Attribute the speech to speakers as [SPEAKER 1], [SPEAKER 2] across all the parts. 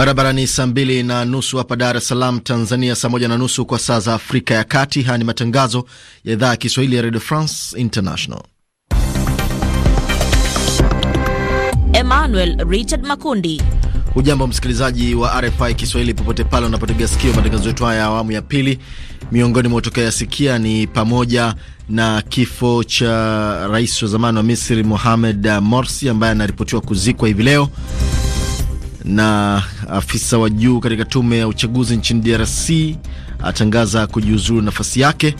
[SPEAKER 1] Barabara ni saa mbili na nusu hapa Dar es Salaam, Tanzania, saa moja na nusu kwa saa za Afrika ya Kati. Haya ni matangazo ya idhaa ya Kiswahili ya Radio France International.
[SPEAKER 2] Emmanuel Richard Makundi.
[SPEAKER 1] Ujambo msikilizaji wa RFI Kiswahili popote pale unapotega sikio matangazo yetu haya ya awamu ya pili. Miongoni mwa sikia ni pamoja na kifo cha rais wa zamani wa Misri Mohamed Morsi ambaye anaripotiwa kuzikwa hivi leo na afisa wa juu katika tume ya uchaguzi nchini DRC atangaza kujiuzuru nafasi yake.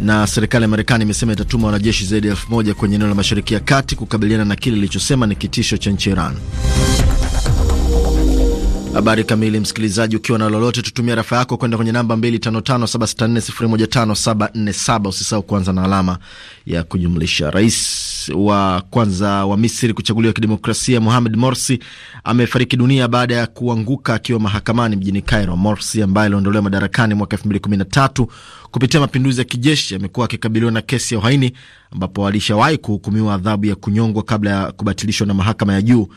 [SPEAKER 1] Na serikali ya Marekani imesema itatuma wanajeshi zaidi ya elfu moja kwenye eneo la Mashariki ya Kati kukabiliana na kile ilichosema ni kitisho cha nchi Iran. Habari kamili, msikilizaji, ukiwa na lolote, tutumia rafa yako kwenda kwenye namba 255764015747. Usisahau kuanza na alama ya kujumlisha. Rais wa kwanza wa Misri kuchaguliwa kidemokrasia Mohamed Morsi amefariki dunia baada ya kuanguka akiwa mahakamani mjini Cairo. Morsi ambaye aliondolewa madarakani mwaka 2013 kupitia mapinduzi ya kijeshi amekuwa akikabiliwa na kesi ya uhaini, ambapo alishawahi kuhukumiwa adhabu ya kunyongwa kabla ya kubatilishwa na mahakama ya juu.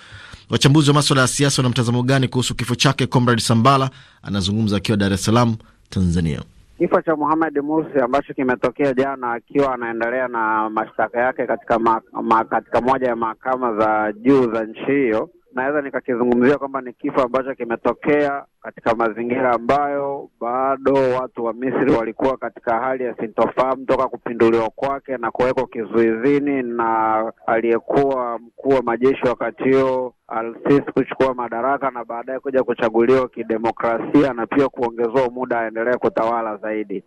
[SPEAKER 1] Wachambuzi wa maswala ya siasa wana mtazamo gani kuhusu kifo chake? Comrade Sambala anazungumza akiwa Dar es Salaam, Tanzania.
[SPEAKER 3] Kifo cha muhamed Mursi ambacho kimetokea jana akiwa anaendelea na mashtaka yake katika, ma, ma, katika moja ya mahakama za juu za nchi hiyo naweza nikakizungumzia kwamba ni kifo ambacho kimetokea katika mazingira ambayo bado watu wa Misri walikuwa katika hali ya sintofahamu toka kupinduliwa kwake na kuwekwa kizuizini na aliyekuwa mkuu wa majeshi wakati huo Al-Sisi kuchukua madaraka na baadaye kuja kuchaguliwa kidemokrasia na pia kuongezewa muda aendelee kutawala zaidi.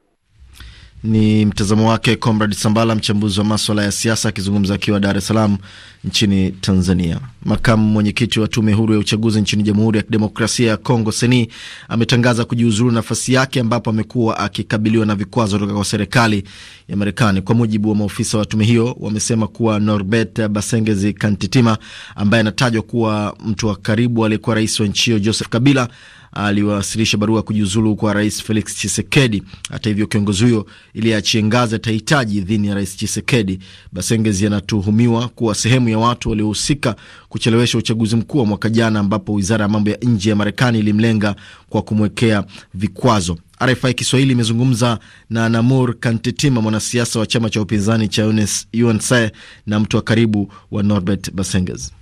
[SPEAKER 1] Ni mtazamo wake Comrad Sambala, mchambuzi wa maswala ya siasa, akizungumza akiwa Dar es Salaam nchini Tanzania. Makamu mwenyekiti wa tume huru ya uchaguzi nchini Jamhuri ya Kidemokrasia ya Kongo Seni ametangaza kujiuzuru nafasi yake, ambapo amekuwa akikabiliwa na vikwazo kutoka kwa serikali ya Marekani. Kwa mujibu wa maofisa wa tume hiyo, wamesema kuwa Norbert Basengezi Kantitima ambaye anatajwa kuwa mtu wa karibu aliyekuwa rais wa nchi hiyo Joseph Kabila aliwasilisha barua kujiuzulu kwa rais Felix chisekedi Hata hivyo, kiongozi huyo ili achie ngazi atahitaji idhini ya rais chisekedi Basengezi anatuhumiwa kuwa sehemu ya watu waliohusika kuchelewesha uchaguzi mkuu wa mwaka jana, ambapo wizara ya mambo ya nje ya Marekani ilimlenga kwa kumwekea vikwazo. RFI Kiswahili imezungumza na Namur Kantetima, mwanasiasa wa chama cha upinzani cha UNC na mtu wa karibu wa Norbert Basengezi.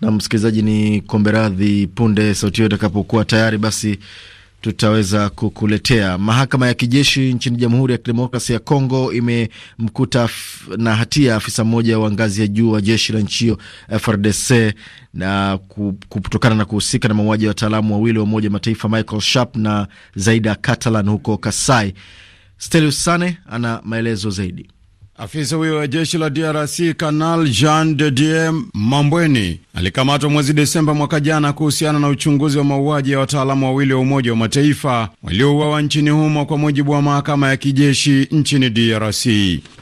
[SPEAKER 1] na msikilizaji, ni kombe radhi. Punde sauti hiyo itakapokuwa tayari, basi tutaweza kukuletea. Mahakama ya kijeshi nchini Jamhuri ya Kidemokrasia ya Kongo imemkuta na hatia afisa mmoja wa ngazi ya juu wa jeshi la nchi hiyo FRDC na kutokana na kuhusika na mauaji ya wataalamu wawili wa Umoja wa Mataifa Michael Sharp na Zaida Catalan huko
[SPEAKER 4] Kasai. Stelius Sane ana maelezo zaidi. Afisa huyo wa jeshi la DRC Kanal Jean de Dieu Mambweni alikamatwa mwezi Desemba mwaka jana kuhusiana na uchunguzi wa mauaji ya wataalamu wawili wa Umoja wa Mataifa waliouawa nchini humo, kwa mujibu wa mahakama ya kijeshi nchini DRC.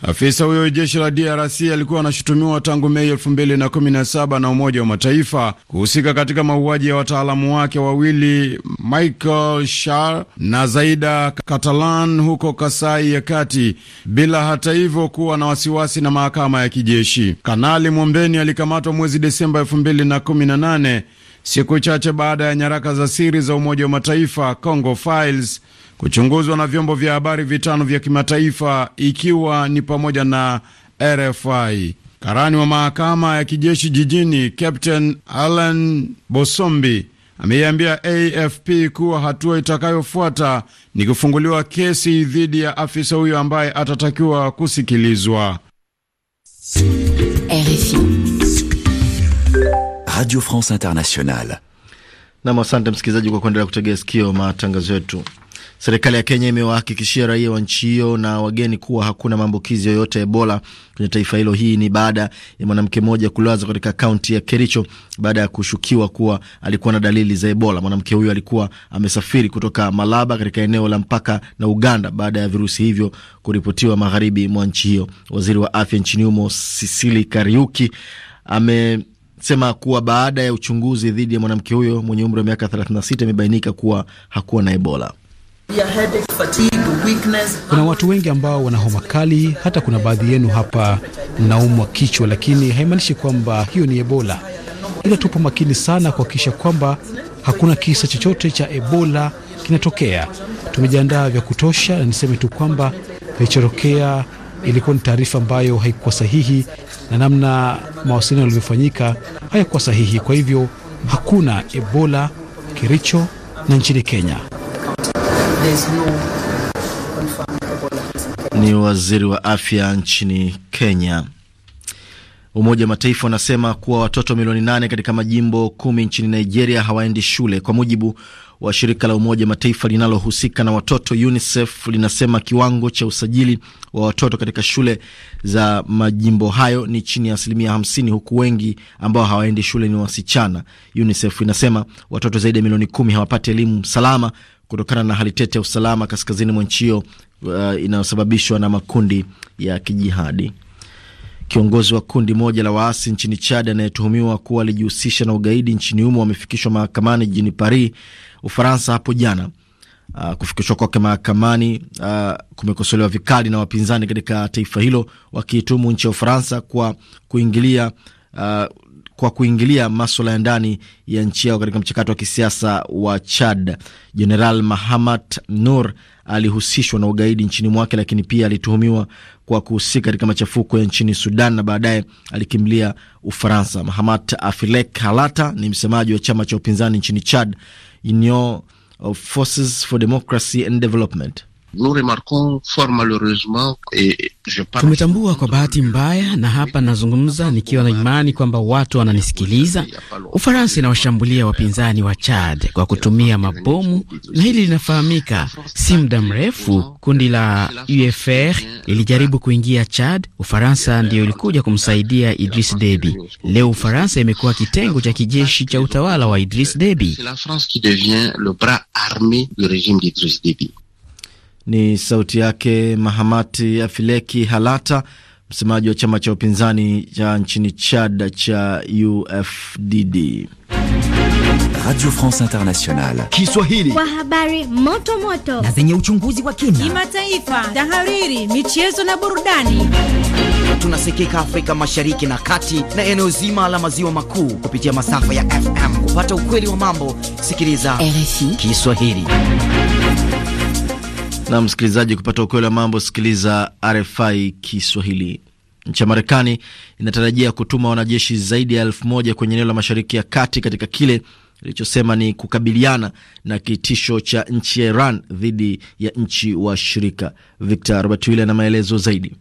[SPEAKER 4] Afisa huyo wa jeshi la DRC alikuwa anashutumiwa tangu Mei 2017 na Umoja wa Mataifa kuhusika katika mauaji ya wataalamu wake wawili Michael Shar na Zaida Catalan huko Kasai ya Kati, bila hata hivyo kuwa na wasiwasi na mahakama ya kijeshi. Kanali Mwombeni alikamatwa mwezi Desemba 2018 siku chache baada ya nyaraka za siri za Umoja wa Mataifa Congo Files kuchunguzwa na vyombo vya habari vitano vya kimataifa ikiwa ni pamoja na RFI. Karani wa mahakama ya kijeshi jijini Captain Alan Bosombi ameiambia AFP kuwa hatua itakayofuata ni kufunguliwa kesi dhidi ya afisa huyo ambaye atatakiwa kusikilizwa
[SPEAKER 5] RFI.
[SPEAKER 4] Radio France Internationale.
[SPEAKER 1] Nam, asante msikilizaji kwa kuendelea kutegea sikio matangazo yetu. Serikali ya Kenya imewahakikishia raia wa nchi hiyo na wageni kuwa hakuna maambukizi yoyote ya Ebola kwenye taifa hilo. Hii ni baada ya mwanamke mmoja kulazwa katika kaunti ya Kericho baada ya kushukiwa kuwa alikuwa na dalili za Ebola. Mwanamke huyo alikuwa amesafiri kutoka Malaba katika eneo la mpaka na Uganda baada ya virusi hivyo kuripotiwa magharibi mwa nchi hiyo. Waziri wa afya nchini humo Sisili Kariuki ame sema kuwa baada ya uchunguzi dhidi ya mwanamke huyo mwenye umri wa miaka 36 imebainika kuwa hakuwa na Ebola.
[SPEAKER 6] Kuna watu wengi ambao wana homa kali, hata kuna baadhi yenu hapa naumwa kichwa, lakini haimaanishi kwamba hiyo ni Ebola, ila tupo makini sana kuhakikisha kwamba hakuna kisa chochote cha Ebola kinatokea. Tumejiandaa vya kutosha, na niseme tu kwamba kilichotokea ilikuwa ni taarifa ambayo haikuwa sahihi na namna mawasiliano yalivyofanyika hayakuwa sahihi. Kwa hivyo hakuna Ebola Kericho na nchini Kenya.
[SPEAKER 1] Ni waziri wa afya nchini Kenya. Umoja wa Mataifa unasema kuwa watoto milioni nane katika majimbo kumi nchini Nigeria hawaendi shule. Kwa mujibu wa shirika la Umoja Mataifa linalohusika na watoto UNICEF linasema kiwango cha usajili wa watoto katika shule za majimbo hayo ni chini ya asilimia hamsini, huku wengi ambao hawaendi shule ni wasichana. UNICEF inasema watoto zaidi ya milioni kumi hawapati elimu salama kutokana na hali tete ya usalama kaskazini mwa nchi hiyo uh, inayosababishwa na makundi ya kijihadi. Kiongozi wa kundi moja la waasi nchini Chad anayetuhumiwa kuwa alijihusisha na ugaidi nchini humo wamefikishwa mahakamani jijini Paris Ufaransa hapo jana. Uh, kufikishwa kwake mahakamani uh, kumekosolewa vikali na wapinzani katika taifa hilo wakiitumu nchi ya Ufaransa kwa kuingilia uh, kwa kuingilia maswala ya ndani ya nchi yao katika mchakato wa kisiasa wa Chad. Jeneral Mahamat Nur alihusishwa na ugaidi nchini mwake, lakini pia alituhumiwa kwa kuhusika katika machafuko ya nchini Sudan na baadaye alikimbilia Ufaransa. Mahamat Afilek Halata ni msemaji wa chama cha upinzani nchini Chad in your uh, forces for democracy and development?
[SPEAKER 6] Tumetambua
[SPEAKER 7] kwa bahati mbaya, na hapa nazungumza nikiwa na imani kwamba watu wananisikiliza. Ufaransa inawashambulia wapinzani wa Chad kwa kutumia mabomu, na hili linafahamika. Si muda mrefu kundi la UFR lilijaribu kuingia Chad, Ufaransa ndiyo ilikuja kumsaidia Idris Deby. Leo Ufaransa imekuwa kitengo cha kijeshi cha utawala wa Idris Deby.
[SPEAKER 1] Ni sauti yake Mahamati Afileki Halata, msemaji wa chama cha upinzani cha nchini Chad cha UFDD.
[SPEAKER 5] Radio France Internationale Kiswahili, kwa habari moto moto na zenye uchunguzi wa
[SPEAKER 2] kina, kimataifa, tahariri, michezo na burudani.
[SPEAKER 7] Tunasikika Afrika Mashariki na Kati na eneo zima la maziwa makuu kupitia masafa ya FM. Kupata ukweli wa mambo, sikiliza RFI Kiswahili.
[SPEAKER 1] Na msikilizaji, kupata ukweli wa mambo, sikiliza RFI Kiswahili. Nchi ya Marekani inatarajia kutuma wanajeshi zaidi ya elfu moja kwenye eneo la Mashariki ya Kati katika kile ilichosema ni kukabiliana na kitisho cha nchi ya Iran dhidi ya nchi
[SPEAKER 6] wa shirika Victor Robert Wille ana maelezo zaidi.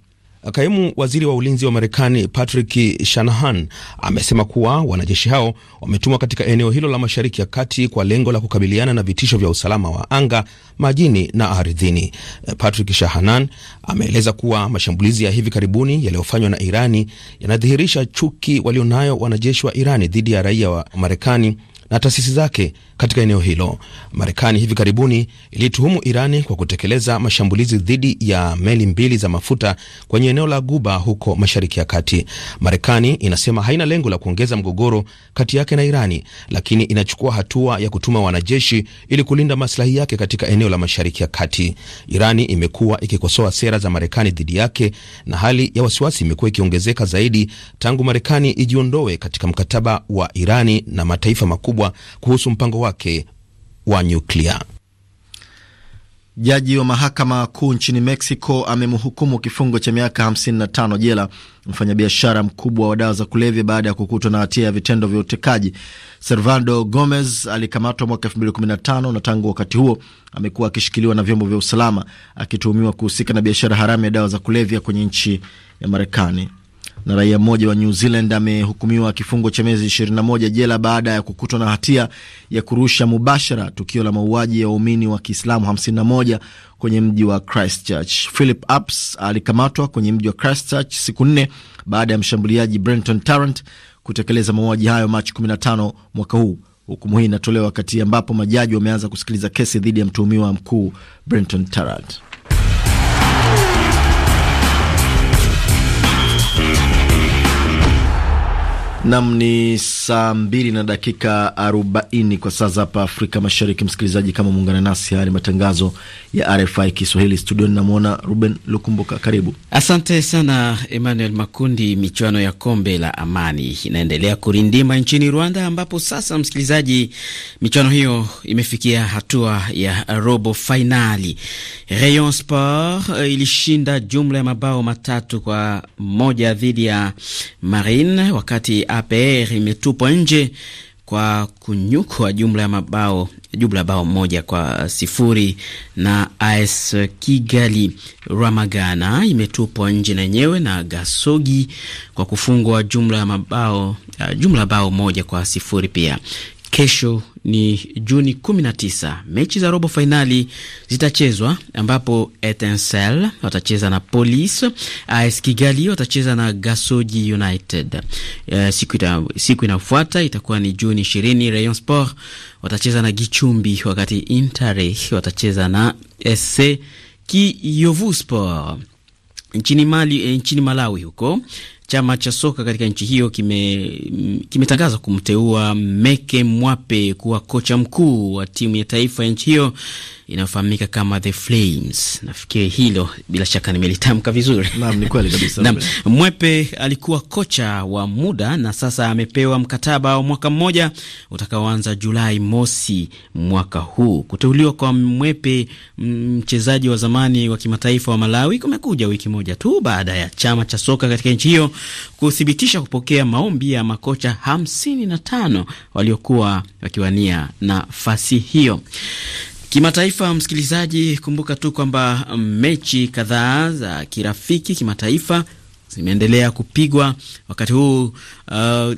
[SPEAKER 6] Kaimu waziri wa ulinzi wa Marekani Patrick Shanahan amesema kuwa wanajeshi hao wametumwa katika eneo hilo la Mashariki ya Kati kwa lengo la kukabiliana na vitisho vya usalama wa anga, majini na ardhini. Patrick Shanahan ameeleza kuwa mashambulizi ya hivi karibuni yaliyofanywa na Irani yanadhihirisha chuki walionayo wanajeshi wa Irani dhidi ya raia wa Marekani na taasisi zake katika eneo hilo. Marekani hivi karibuni ilituhumu Irani kwa kutekeleza mashambulizi dhidi ya meli mbili za mafuta kwenye eneo la Guba huko Mashariki ya Kati. Marekani inasema haina lengo la kuongeza mgogoro kati yake na Irani, lakini inachukua hatua ya kutuma wanajeshi ili kulinda maslahi yake katika eneo la Mashariki ya Kati. Irani imekuwa ikikosoa sera za Marekani dhidi yake na hali ya wasiwasi imekuwa ikiongezeka zaidi tangu Marekani ijiondoe katika mkataba wa Irani na mataifa makubwa kuhusu mpango wa wake wa nyuklia. Jaji wa
[SPEAKER 1] mahakama kuu nchini Mexico amemhukumu kifungo cha miaka 55 jela mfanyabiashara mkubwa wa dawa za kulevya baada ya kukutwa na hatia ya vitendo vya utekaji. Servando Gomez alikamatwa mwaka 2015 na tangu wakati huo amekuwa akishikiliwa na vyombo vya usalama akituhumiwa kuhusika na biashara haramu ya dawa za kulevya kwenye nchi ya Marekani na raia mmoja wa New Zealand amehukumiwa kifungo cha miezi 21 jela baada ya kukutwa na hatia ya kurusha mubashara tukio la mauaji ya waumini wa Kiislamu 51 kwenye mji wa Christchurch. Philip Apps alikamatwa kwenye mji wa Christchurch siku nne baada ya mshambuliaji Brenton Tarrant kutekeleza mauaji hayo Machi 15 mwaka huu. Hukumu hii inatolewa wakati ambapo majaji wameanza kusikiliza kesi dhidi ya mtuhumiwa mkuu Brenton Tarrant. Nam ni saa mbili na dakika arobaini kwa saa za hapa Afrika Mashariki. Msikilizaji, kama muungana nasi, haya ni matangazo ya RFI Kiswahili. Studioni namwona Ruben Lukumbuka, karibu.
[SPEAKER 7] Asante sana Emmanuel Makundi. Michuano ya kombe la amani inaendelea kurindima nchini Rwanda, ambapo sasa, msikilizaji, michuano hiyo imefikia hatua ya robo fainali. Rayon Sport eh, ilishinda jumla ya mabao matatu kwa moja dhidi ya Marine wakati APR imetupwa nje kwa kunyukwa jumla ya mabao jumla bao moja kwa sifuri na AS Kigali Ramagana imetupwa nje na yenyewe na Gasogi kwa kufungwa jumla ya mabao jumla bao moja kwa sifuri pia. Kesho ni Juni 19, mechi za robo fainali zitachezwa ambapo Etincelles watacheza na Police, AS Kigali watacheza na Gasogi United. Uh, siku, ita, siku inafuata itakuwa ni Juni 20, Rayon Sport watacheza na Gichumbi, wakati Intare watacheza na SC Kiyovu Sport. Nchini Mali, eh, nchini Malawi huko Chama cha soka katika nchi hiyo kimetangaza kime kumteua Meke Mwape kuwa kocha mkuu wa timu ya taifa ya nchi hiyo inayofahamika kama The Flames. Nafikiri hilo bila shaka nimelitamka vizuri. Naam, ni kweli kabisa. Naam, Mwepe alikuwa kocha wa muda na sasa amepewa mkataba wa mwaka mmoja utakaoanza Julai mosi mwaka huu. Kuteuliwa kwa Mwepe, mm, mchezaji wa zamani wa kimataifa wa Malawi, kumekuja wiki moja tu baada ya chama cha soka katika nchi hiyo kuthibitisha kupokea maombi ya makocha 55 waliokuwa wakiwania nafasi hiyo. Kimataifa, msikilizaji, kumbuka tu kwamba mechi kadhaa za kirafiki kimataifa zimeendelea kupigwa wakati huu uh,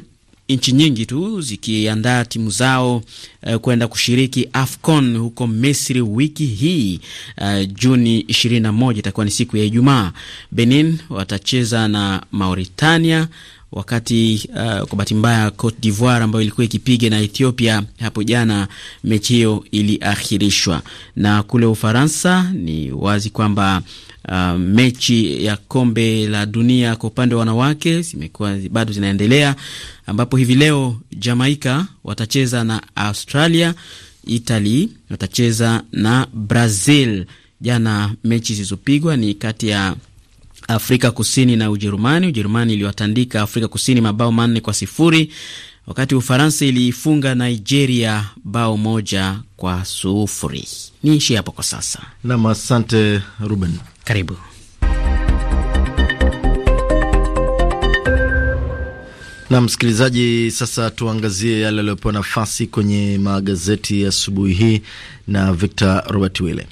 [SPEAKER 7] nchi nyingi tu zikiandaa timu zao uh, kwenda kushiriki AFCON huko Misri wiki hii uh, Juni 21 itakuwa ni siku ya Ijumaa. Benin watacheza na Mauritania wakati uh, kwa bahati mbaya Cote d'Ivoire ambayo ilikuwa ikipiga na Ethiopia hapo jana, mechi hiyo iliahirishwa. Na kule Ufaransa ni wazi kwamba uh, mechi ya kombe la dunia kwa upande wa wanawake zimekuwa bado zinaendelea, ambapo hivi leo Jamaika watacheza na Australia, Italy watacheza na Brazil. Jana mechi zilizopigwa ni kati ya Afrika Kusini na Ujerumani. Ujerumani iliwatandika Afrika Kusini mabao manne kwa sifuri wakati Ufaransa iliifunga Nigeria bao moja kwa sufuri. Niishi hapo kwa sasa nam. Asante Ruben, karibu
[SPEAKER 1] na msikilizaji, sasa tuangazie yale yaliyopewa nafasi kwenye
[SPEAKER 6] magazeti asubuhi hii na Victor Robert Wille.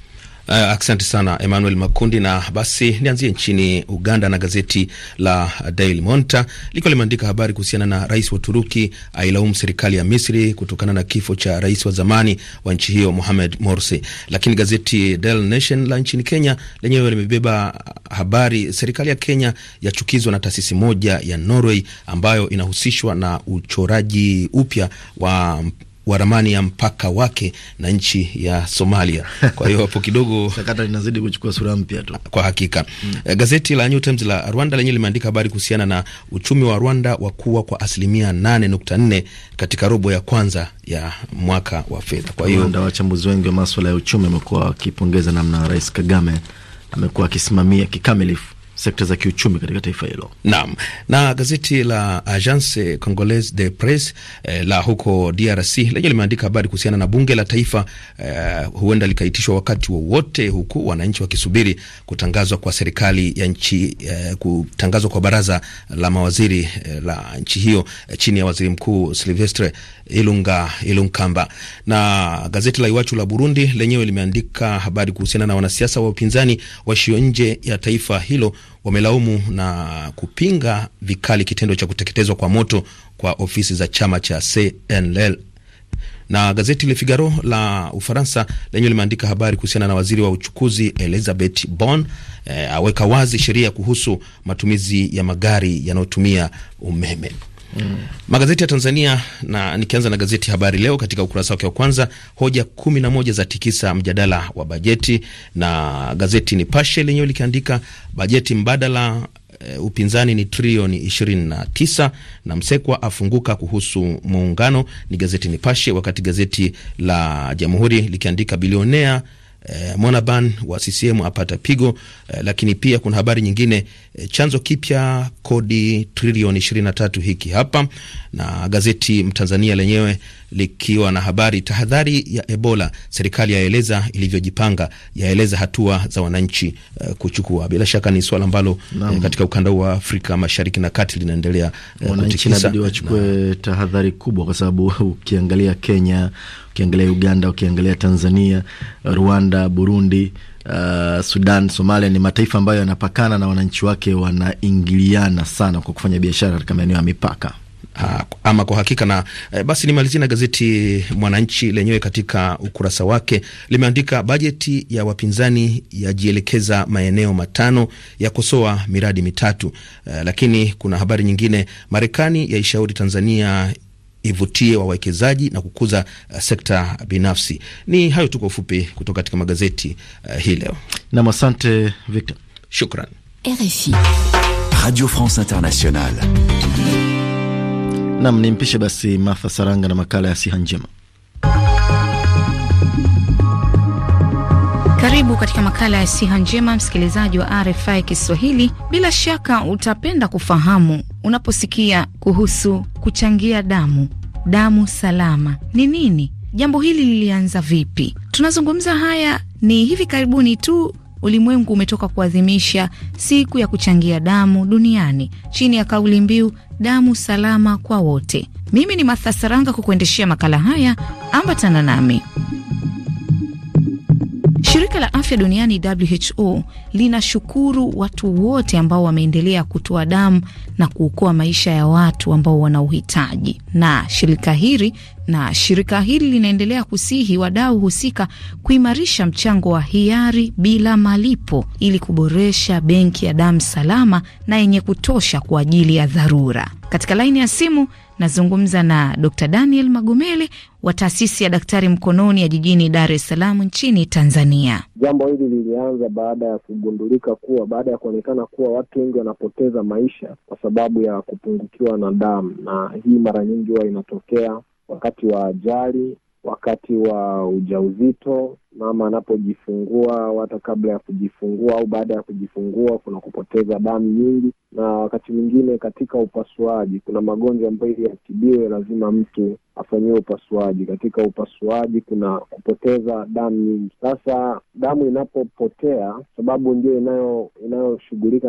[SPEAKER 6] Uh, asante sana Emmanuel Makundi. Na basi nianzie nchini Uganda na gazeti la Daily Monitor likiwa limeandika habari kuhusiana na rais wa Uturuki ailaumu serikali ya Misri kutokana na kifo cha rais wa zamani wa nchi hiyo Mohamed Morsi. Lakini gazeti Daily Nation la nchini Kenya lenyewe limebeba habari, serikali ya Kenya yachukizwa na taasisi moja ya Norway ambayo inahusishwa na uchoraji upya wa wa ramani ya mpaka wake na nchi ya Somalia. Kwa hiyo hapo kidogo sakata linazidi kuchukua sura mpya tu kwa hakika. Mm. Eh, gazeti la New Times la Rwanda lenyewe limeandika habari kuhusiana na uchumi wa Rwanda kuwa kwa asilimia 8.4 katika robo ya kwanza ya mwaka wa fedha. Kwa hiyo
[SPEAKER 1] wachambuzi wengi wa masuala ya
[SPEAKER 6] uchumi wamekuwa
[SPEAKER 1] wakipongeza namna Rais Kagame amekuwa akisimamia kikamilifu sekta za kiuchumi katika taifa hilo.
[SPEAKER 6] Naam, na gazeti la Agence Congolaise de Presse eh, la huko DRC lenye limeandika habari kuhusiana na bunge la taifa eh, huenda likaitishwa wakati wowote wa huku wananchi wakisubiri kutangazwa kwa serikali ya nchi eh, kutangazwa kwa baraza la mawaziri eh, la nchi hiyo eh, chini ya waziri mkuu Silvestre Ilunga Ilunkamba. Na gazeti la Iwachu la Burundi lenyewe limeandika habari kuhusiana na wanasiasa wa upinzani washio nje ya taifa hilo wamelaumu na kupinga vikali kitendo cha kuteketezwa kwa moto kwa ofisi za chama cha CNL na gazeti Le Figaro la Ufaransa lenyewe limeandika habari kuhusiana na waziri wa uchukuzi Elizabeth Bon eh, aweka wazi sheria kuhusu matumizi ya magari yanayotumia umeme. Mm. Magazeti ya Tanzania na nikianza na gazeti Habari Leo, katika ukurasa wake wa kwanza hoja kumi na moja za tikisa mjadala wa bajeti, na gazeti Nipashe lenyewe likiandika bajeti mbadala Uh, upinzani ni trilioni 29 na Msekwa afunguka kuhusu muungano, ni gazeti Nipashe, wakati gazeti la Jamhuri likiandika bilionea eh, Mwanaban wa CCM apata pigo eh, lakini pia kuna habari nyingine eh, chanzo kipya kodi trilioni 23 hiki hapa, na gazeti Mtanzania lenyewe likiwa na habari tahadhari ya Ebola, serikali yaeleza ilivyojipanga, yaeleza hatua za wananchi uh, kuchukua. Bila shaka ni swala ambalo uh, katika ukanda huu wa Afrika Mashariki na Kati linaendelea eh, wananchi inabidi wachukue tahadhari kubwa, kwa sababu ukiangalia Kenya,
[SPEAKER 1] ukiangalia Uganda, ukiangalia Tanzania, Rwanda, Burundi Uh, Sudan, Somalia ni mataifa ambayo yanapakana na wananchi wake wanaingiliana sana kwa kufanya biashara
[SPEAKER 6] katika maeneo ya mipaka. Ha, ah, ama kwa hakika na eh, basi nimalizie na gazeti Mwananchi lenyewe katika ukurasa wake limeandika bajeti ya wapinzani yajielekeza maeneo matano ya kosoa miradi mitatu eh, lakini kuna habari nyingine, Marekani yaishauri Tanzania ivutie wawekezaji na kukuza uh, sekta binafsi. Ni hayo tu kwa ufupi kutoka katika magazeti uh, hii leo. Na asante Victor, shukran. RFI Radio France Internationale
[SPEAKER 1] Nam ni mpishe basi Martha Saranga na makala ya siha njema.
[SPEAKER 2] Karibu katika makala ya siha njema, msikilizaji wa RFI Kiswahili. Bila shaka utapenda kufahamu unaposikia kuhusu kuchangia damu, damu salama ni nini? Jambo hili lilianza vipi? Tunazungumza haya ni hivi karibuni tu ulimwengu umetoka kuadhimisha siku ya kuchangia damu duniani chini ya kauli mbiu damu salama kwa wote. Mimi ni mathasaranga Saranga kukuendeshea makala haya, ambatana nami. Shirika la afya duniani WHO linashukuru watu wote ambao wameendelea kutoa damu na kuokoa maisha ya watu ambao wana uhitaji, na shirika hili na shirika hili linaendelea kusihi wadau husika kuimarisha mchango wa hiari bila malipo ili kuboresha benki ya damu salama na yenye kutosha kwa ajili ya dharura. Katika laini ya simu Nazungumza na Dr Daniel Magumeli wa taasisi ya Daktari Mkononi ya jijini Dar es Salaam nchini Tanzania.
[SPEAKER 3] Jambo hili lilianza baada ya kugundulika kuwa, baada ya kuonekana kuwa watu wengi wanapoteza maisha kwa sababu ya kupungukiwa na damu, na hii mara nyingi huwa inatokea wakati wa ajali, wakati wa ujauzito mama anapojifungua au hata kabla ya kujifungua au baada ya kujifungua, kuna kupoteza damu nyingi, na wakati mwingine katika upasuaji kuna magonjwa ambayo ili yatibiwe lazima mtu afanyiwe upasuaji. Katika upasuaji kuna kupoteza damu nyingi. Sasa damu inapopotea, sababu ndio inayo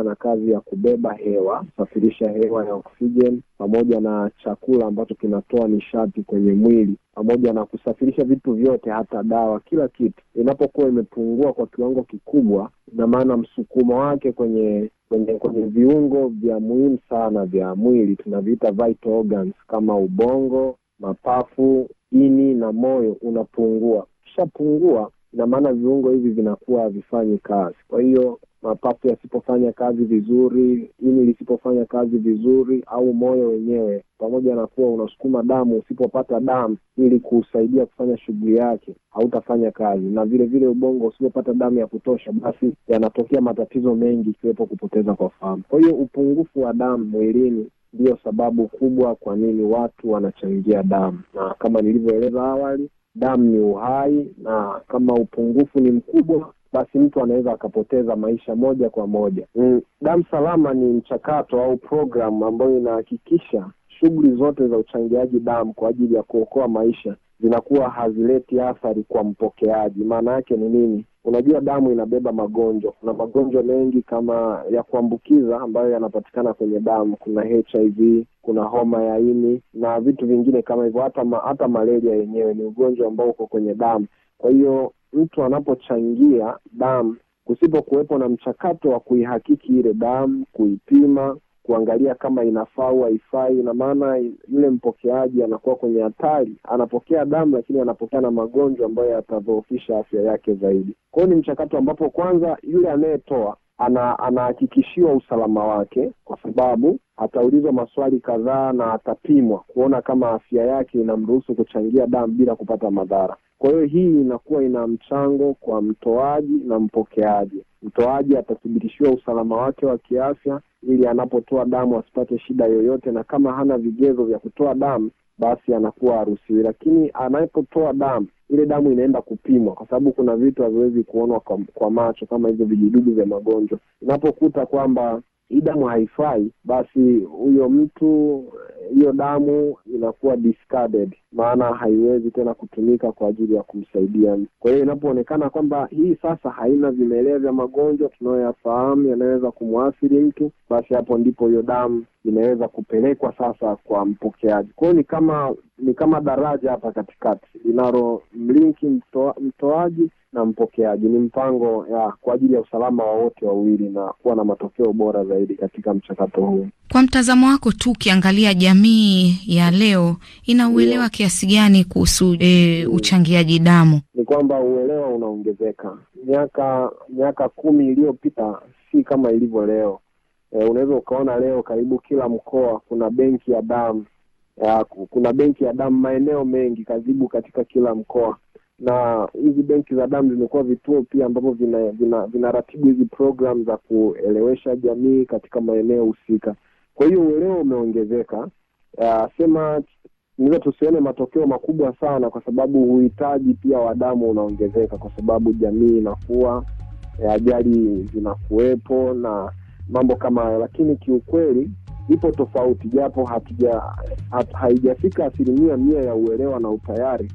[SPEAKER 3] na kazi ya kubeba hewa, kusafirisha hewa ya oksijen pamoja na chakula ambacho kinatoa nishati kwenye mwili, pamoja na kusafirisha vitu vyote, hata dawa, kila kitu inapokuwa imepungua kwa kiwango kikubwa, ina maana msukumo wake kwenye kwenye kwenye viungo vya muhimu sana vya mwili tunaviita vital organs kama ubongo, mapafu, ini na moyo unapungua. Ukishapungua, ina maana viungo hivi vinakuwa havifanyi kazi. Kwa hiyo mapafu yasipofanya kazi vizuri, ini lisipofanya kazi vizuri, au moyo wenyewe, pamoja na kuwa unasukuma damu, usipopata damu ili kusaidia kufanya shughuli yake hautafanya kazi, na vile vile ubongo usipopata damu ya kutosha, basi yanatokea matatizo mengi, ikiwepo kupoteza kwa fahamu. Kwa hiyo upungufu wa damu mwilini ndiyo sababu kubwa kwa nini watu wanachangia damu, na kama nilivyoeleza awali, damu ni uhai, na kama upungufu ni mkubwa basi mtu anaweza akapoteza maisha moja kwa moja. Mm, damu salama ni mchakato au programu ambayo inahakikisha shughuli zote za uchangiaji damu kwa ajili ya kuokoa maisha zinakuwa hazileti athari kwa mpokeaji. Maana yake ni nini? Unajua, damu inabeba magonjwa. Kuna magonjwa mengi kama ya kuambukiza ambayo yanapatikana kwenye damu. Kuna HIV, kuna homa ya ini na vitu vingine kama hivyo. Hata ma, hata malaria yenyewe ni ugonjwa ambao uko kwenye damu. Kwa hiyo mtu anapochangia damu, kusipokuwepo na mchakato wa kuihakiki ile damu, kuipima, kuangalia kama inafaa au haifai. Ina maana yule mpokeaji anakuwa kwenye hatari, anapokea damu lakini anapokea na magonjwa ambayo yatadhoofisha afya yake zaidi. Kwa hiyo ni mchakato ambapo kwanza yule anayetoa ana anahakikishiwa usalama wake, kwa sababu ataulizwa maswali kadhaa na atapimwa kuona kama afya yake inamruhusu kuchangia damu bila kupata madhara. Kwa hiyo hii inakuwa ina mchango kwa mtoaji na mpokeaji. Mtoaji atathibitishiwa usalama wake wa kiafya ili anapotoa damu asipate shida yoyote, na kama hana vigezo vya kutoa damu basi anakuwa harusiwi lakini anapotoa damu ile damu inaenda kupimwa, kwa sababu kuna vitu haviwezi kuonwa kwa, kwa macho kama hivyo vijidudu vya magonjwa. Inapokuta kwamba hii damu haifai, basi huyo mtu eh, hiyo damu inakuwa discarded maana haiwezi tena kutumika kwa ajili ya kumsaidia. mtu Kwa hiyo inapoonekana kwamba hii sasa haina vimelea vya magonjwa tunayoyafahamu yanaweza kumwathiri mtu, basi hapo ndipo hiyo damu inaweza kupelekwa sasa kwa mpokeaji. Kwa hiyo ni kama ni kama daraja hapa katikati linalomlinki mtoa, mtoaji na mpokeaji. Ni mpango ya kwa ajili ya usalama wa wote wawili na kuwa na matokeo bora zaidi katika mchakato huu.
[SPEAKER 2] Kwa mtazamo wako tu, ukiangalia jamii ya leo inauelewa yeah kiasi gani kuhusu e, uchangiaji damu?
[SPEAKER 3] Ni kwamba uelewa unaongezeka. Miaka miaka kumi iliyopita si kama ilivyo leo. E, unaweza ukaona leo karibu kila mkoa kuna benki ya damu ya, kuna benki ya damu maeneo mengi karibu katika kila mkoa, na hizi benki za damu zimekuwa vituo pia ambavyo vinaratibu vina, vina hizi programu za kuelewesha jamii katika maeneo husika. Kwa hiyo uelewa umeongezeka. sema inaweza tusione matokeo makubwa sana, kwa sababu uhitaji pia wa damu unaongezeka, kwa sababu jamii inakuwa, e, ajali zinakuwepo na mambo kama hayo, lakini kiukweli ipo tofauti, japo hat, haijafika asilimia mia ya uelewa na utayari,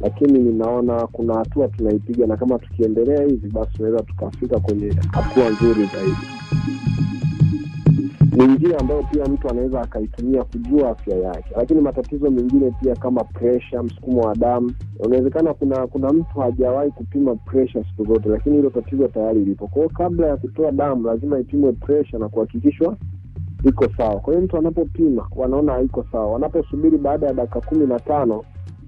[SPEAKER 3] lakini ninaona kuna hatua tunaipiga, na kama tukiendelea hivi, basi tunaweza tukafika kwenye hatua nzuri zaidi ni njia ambayo pia mtu anaweza akaitumia kujua afya yake, lakini matatizo mengine pia kama presha, msukumo wa damu. Unawezekana kuna kuna mtu hajawahi kupima presha siku zote, lakini hilo tatizo tayari lipo. Kwa hiyo kabla ya kutoa damu lazima ipimwe presha na kuhakikishwa iko sawa. Kwa hiyo mtu anapopima wanaona haiko sawa, wanaposubiri baada ya dakika kumi na tano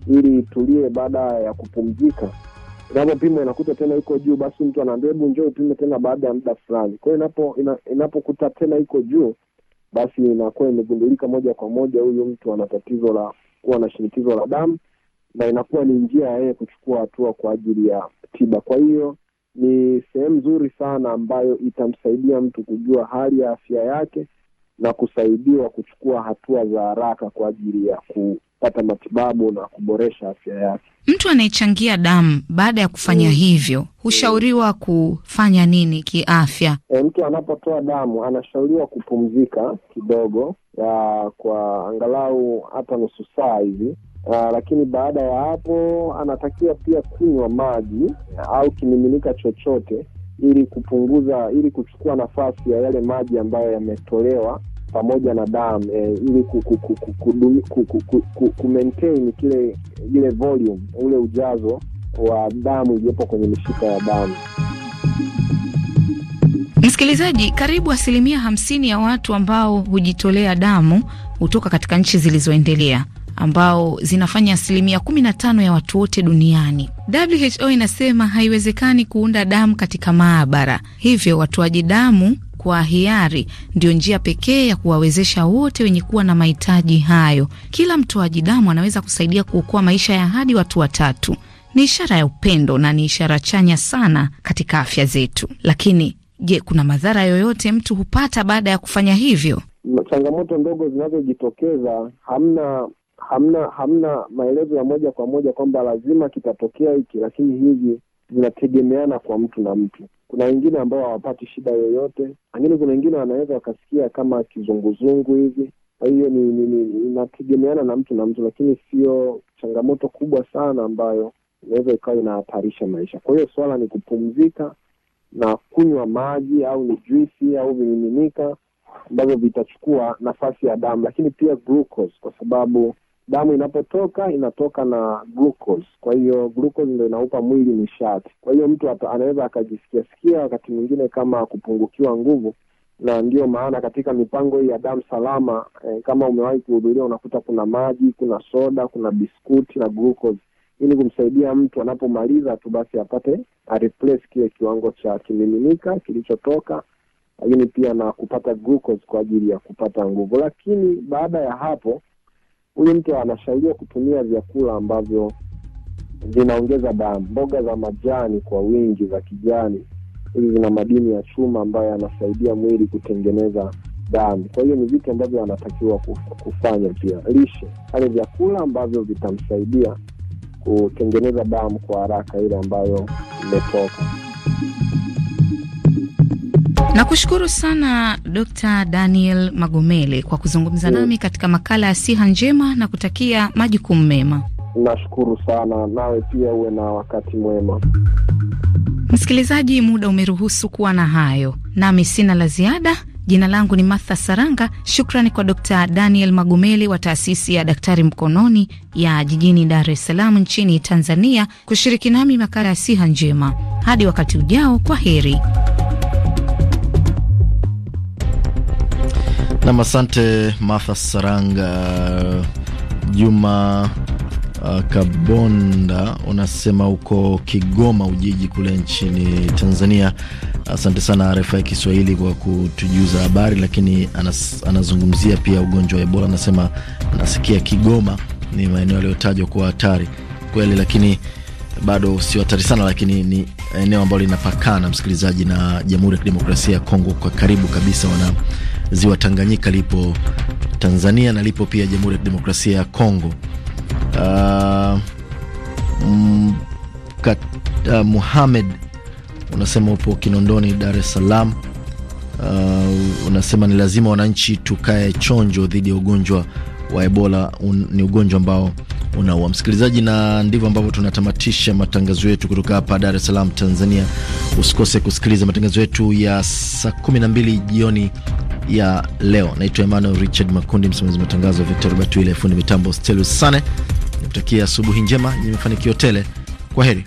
[SPEAKER 3] ili itulie baada ya kupumzika Unapopima inakuta tena iko juu, basi mtu anaambia hebu njoo upime tena baada ya muda fulani. Kwa hiyo inapokuta ina, inapokuta tena iko juu, basi inakuwa imegundulika moja kwa moja huyu mtu ana tatizo la kuwa na shinikizo la damu, na inakuwa ni njia ya yeye kuchukua hatua kwa ajili ya tiba. Kwa hiyo ni sehemu nzuri sana ambayo itamsaidia mtu kujua hali ya afya yake na kusaidiwa kuchukua hatua za haraka kwa ajili ya kupata matibabu na kuboresha afya yake.
[SPEAKER 2] Mtu anayechangia damu baada ya kufanya mm, hivyo hushauriwa mm. kufanya nini kiafya? E, mtu anapotoa damu anashauriwa kupumzika kidogo ya,
[SPEAKER 3] kwa angalau hata nusu saa hivi. Uh, lakini baada ya hapo anatakiwa pia kunywa maji au kimiminika chochote ili kupunguza, ili kuchukua nafasi ya yale maji ambayo yametolewa pamoja na dam eh, ili kumaintain kile ile volume ule ujazo wa damu iliyopo kwenye mishipa ya damu.
[SPEAKER 2] Msikilizaji, karibu asilimia hamsini ya watu ambao hujitolea damu hutoka katika nchi zilizoendelea ambao zinafanya asilimia 15 ya watu wote duniani. WHO inasema haiwezekani kuunda damu katika maabara, hivyo watoaji damu kwa hiari ndio njia pekee ya kuwawezesha wote wenye kuwa na mahitaji hayo. Kila mtoaji damu anaweza kusaidia kuokoa maisha ya hadi watu watatu. Ni ishara ya upendo na ni ishara chanya sana katika afya zetu. Lakini je, kuna madhara yoyote mtu hupata baada ya kufanya hivyo?
[SPEAKER 3] Changamoto ndogo zinazojitokeza hamna hamna hamna maelezo ya moja kwa moja kwamba lazima kitatokea hiki, lakini hivi zinategemeana kwa mtu na mtu. Kuna wengine ambao hawapati shida yoyote, lakini kuna wengine wanaweza wakasikia kama kizunguzungu hivi. Kwa hiyo ni, inategemeana na mtu na mtu, lakini sio changamoto kubwa sana ambayo inaweza ikawa inahatarisha maisha. Kwa hiyo swala ni kupumzika na kunywa maji au ni juisi au vimiminika ambavyo vitachukua nafasi ya damu, lakini pia glucose, kwa sababu damu inapotoka inatoka na glucose. Kwa hiyo glucose ndo inaupa mwili nishati. Kwa hiyo mtu anaweza akajisikia sikia wakati mwingine kama kupungukiwa nguvu, na ndiyo maana katika mipango hii ya damu salama eh, kama umewahi kuhudhuria unakuta kuna maji, kuna soda, kuna biskuti na glucose ili kumsaidia mtu anapomaliza tu basi apate replace kile kiwango cha kimiminika kilichotoka, lakini pia na kupata glucose kwa ajili ya kupata nguvu. Lakini baada ya hapo huyu mtu anashauriwa kutumia vyakula ambavyo vinaongeza damu, mboga za majani kwa wingi za kijani. Hizi zina madini ya chuma ambayo yanasaidia mwili kutengeneza damu. Kwa hiyo ni vitu ambavyo anatakiwa kufanya. Pia lishe, ale vyakula ambavyo vitamsaidia kutengeneza damu kwa haraka ile ambayo imetoka.
[SPEAKER 2] Nakushukuru sana Dr. Daniel Magomele kwa kuzungumza mm. nami katika makala ya siha njema na kutakia majukumu mema.
[SPEAKER 3] Nashukuru sana, nawe pia uwe na wakati mwema.
[SPEAKER 2] Msikilizaji, muda umeruhusu kuwa na hayo, nami sina la ziada. Jina langu ni Martha Saranga. Shukrani kwa Dr. Daniel Magumeli wa taasisi ya Daktari Mkononi ya jijini Dar es Salaam nchini Tanzania kushiriki nami makala ya siha njema. Hadi wakati ujao, kwa heri.
[SPEAKER 1] Nam, asante Martha Saranga. Juma uh, Kabonda unasema uko Kigoma Ujiji kule nchini Tanzania. Asante sana RFI Kiswahili kwa kutujuza habari, lakini anas, anazungumzia pia ugonjwa wa Ebola. Anasema nasikia Kigoma ni maeneo yaliyotajwa kuwa hatari kweli, lakini bado sio hatari sana, lakini ni eneo ambalo linapakana msikilizaji na Jamhuri ya Kidemokrasia ya Kongo kwa karibu kabisa wana ziwa Tanganyika lipo Tanzania na lipo pia Jamhuri ya Kidemokrasia ya Kongo. Uh, uh, ah, Muhamed mm, ah, unasema upo Kinondoni, Dar es Salaam. Uh, unasema ni lazima wananchi tukae chonjo dhidi ya ugonjwa wa Ebola. Un, ni ugonjwa ambao unaua msikilizaji, na ndivyo ambavyo tunatamatisha matangazo yetu kutoka hapa Dar es Salaam, Tanzania. Usikose kusikiliza matangazo yetu ya saa 12 jioni ya leo. Naitwa Emmanuel Richard Makundi, msimamizi matangazo ya Victor Robert Wile, fundi mitambo Stelus Sane. Nikutakia asubuhi njema yenye mafanikio tele. Kwa heri.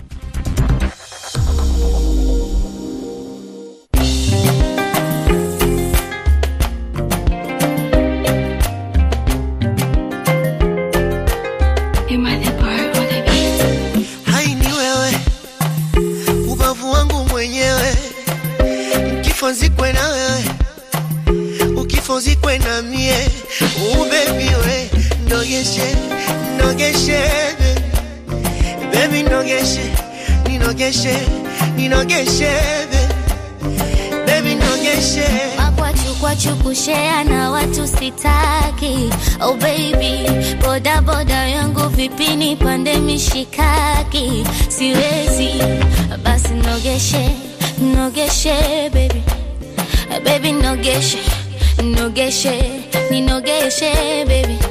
[SPEAKER 5] nogeshe nogeshe baby nogeshe ni nogeshe ni nogeshe baby nogeshe kwa chukushea na watu sitaki, oh baby, boda boda yangu vipini pande mishikaki, siwezi basi nogeshe nogeshe baby, baby nogeshe nogeshe ni baby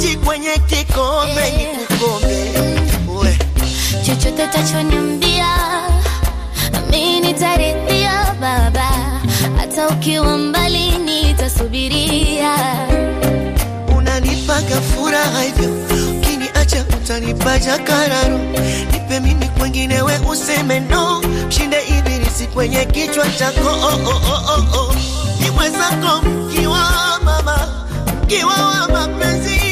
[SPEAKER 5] maji kwenye kikombe eh, nikukombe we chochote tachoniambia mi nitaridhia baba, hata ukiwa mbali nitasubiria. Unanipaga furaha hivyo, ukiniacha utanipa jakararo. Nipe mimi kwengine, we useme no, mshinde ibilisi kwenye kichwa chako. Oh, oh, oh, oh, oh. Ni mwenzako mkiwa mama, mkiwa wa mapenzi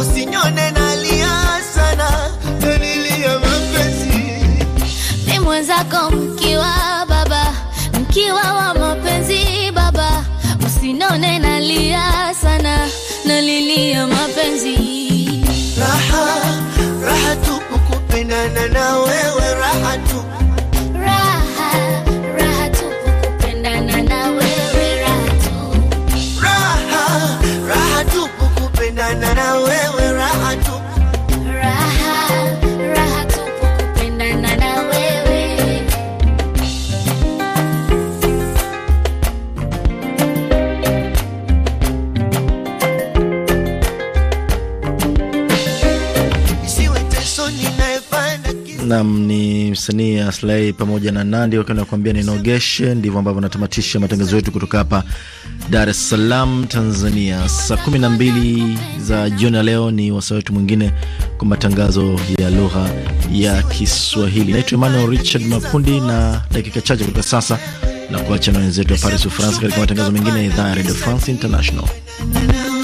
[SPEAKER 5] usinione nalia sana, mapenzi. Mi mwenzako mkiwa baba, mkiwa wa mapenzi baba, usinone nalia sana, nalilia mapenzi. Raha raha tu na wewe
[SPEAKER 1] msanii Aslay pamoja na Nandi wakiwa nakuambia nogeshe. Ndivyo ambavyo natamatisha matangazo yetu kutoka hapa Dar es Salaam, Tanzania. Saa 12 za jioni ya leo ni wasaa wetu mwingine kwa matangazo ya lugha ya Kiswahili. Naitwa Emmanuel Richard Makundi, na dakika chache kutoka sasa na kuacha na wenzetu wa Paris, Ufaransa, katika matangazo mengine ya idhaa ya Radio France International.